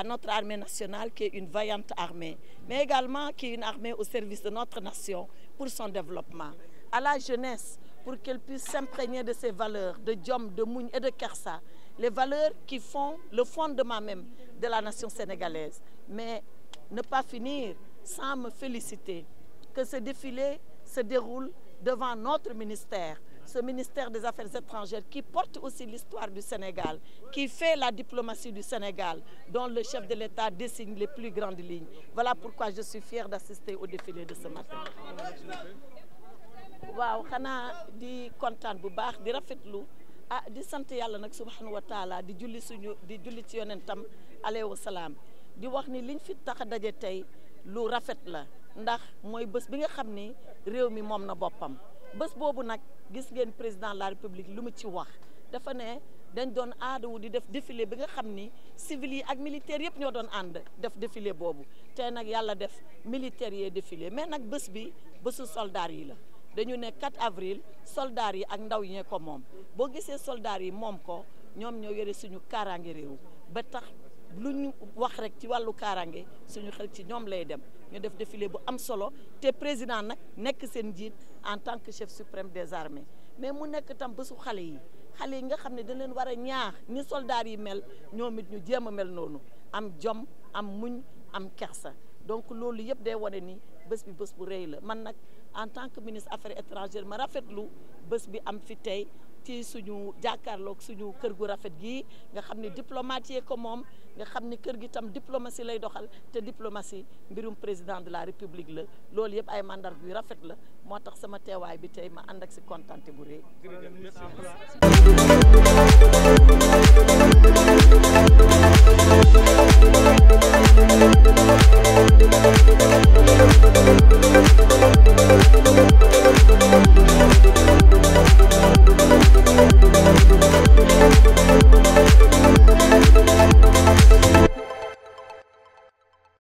à notre armée nationale qui est une vaillante armée, mais également qui est une armée au service de notre nation pour son développement. À la jeunesse, pour qu'elle puisse s'imprégner de ces valeurs, de Diom, de Mougne et de Kersa, les valeurs qui font le fondement même de la nation sénégalaise. Mais ne pas finir sans me féliciter que ce défilé se déroule devant notre ministère ce ministère des Affaires étrangères qui porte aussi l'histoire du Sénégal, qui fait la diplomatie du Sénégal, dont le chef de l'État dessine les plus grandes lignes. Voilà pourquoi je suis fière d'assister au défilé de ce matin. waaw xanaa di kontaan bu baax di rafetlu ah di sant yàlla nag subhanahu wa taala di julli suñu di julli ci yonentam alayhi wa salaam di wax ni liñ fi tax a daje tey lu rafet la ndax mooy bés bi nga xam ni réew mi moom na boppam bés boobu nag gis ngeen président la république lu mu ci wax dafa ne dañ doon aadawu di def défilé bi nga xam ni civil yi ak militaires yëpp ñoo doon ànd def défilé boobu te nag yàlla def militaires yee défilé mais nag bés bi bésu soldats yi la dañu ne 4 avril soldats yi ak ndaw ñee ko moom boo gisee soldats yi moom ko ñoom ñoo yore suñu kaaraange réew ba tax lu ñu wax rek ci wàllu kaaraange suñu xel ci ñoom lay dem ñu def défilé bu am solo te président nag nekk seen njiit en tant que chef suprême des mais mu nekk tam ba su xale yi xale yi nga xam ne dañ leen war a ñaax ni soldaar yi mel ñoom it ñu jéem a mel noonu am jom am muñ am kersa donc loolu yëpp day wane ni bés bi bés bu rëy la man nag en tant que ministre affaires étrangères ma rafetlu bés bi am fi tey ci suñu jàkkaarloog suñu kër gu rafet gi nga xam ne diplomate yee ko moom nga xam ne kër gi tam diplomatie lay doxal te diplomatie mbirum président de la république la loolu yëpp ay mandarga yu rafet la moo tax sama teewaay bi tey ma ànd ak si kontante bu rëy thank you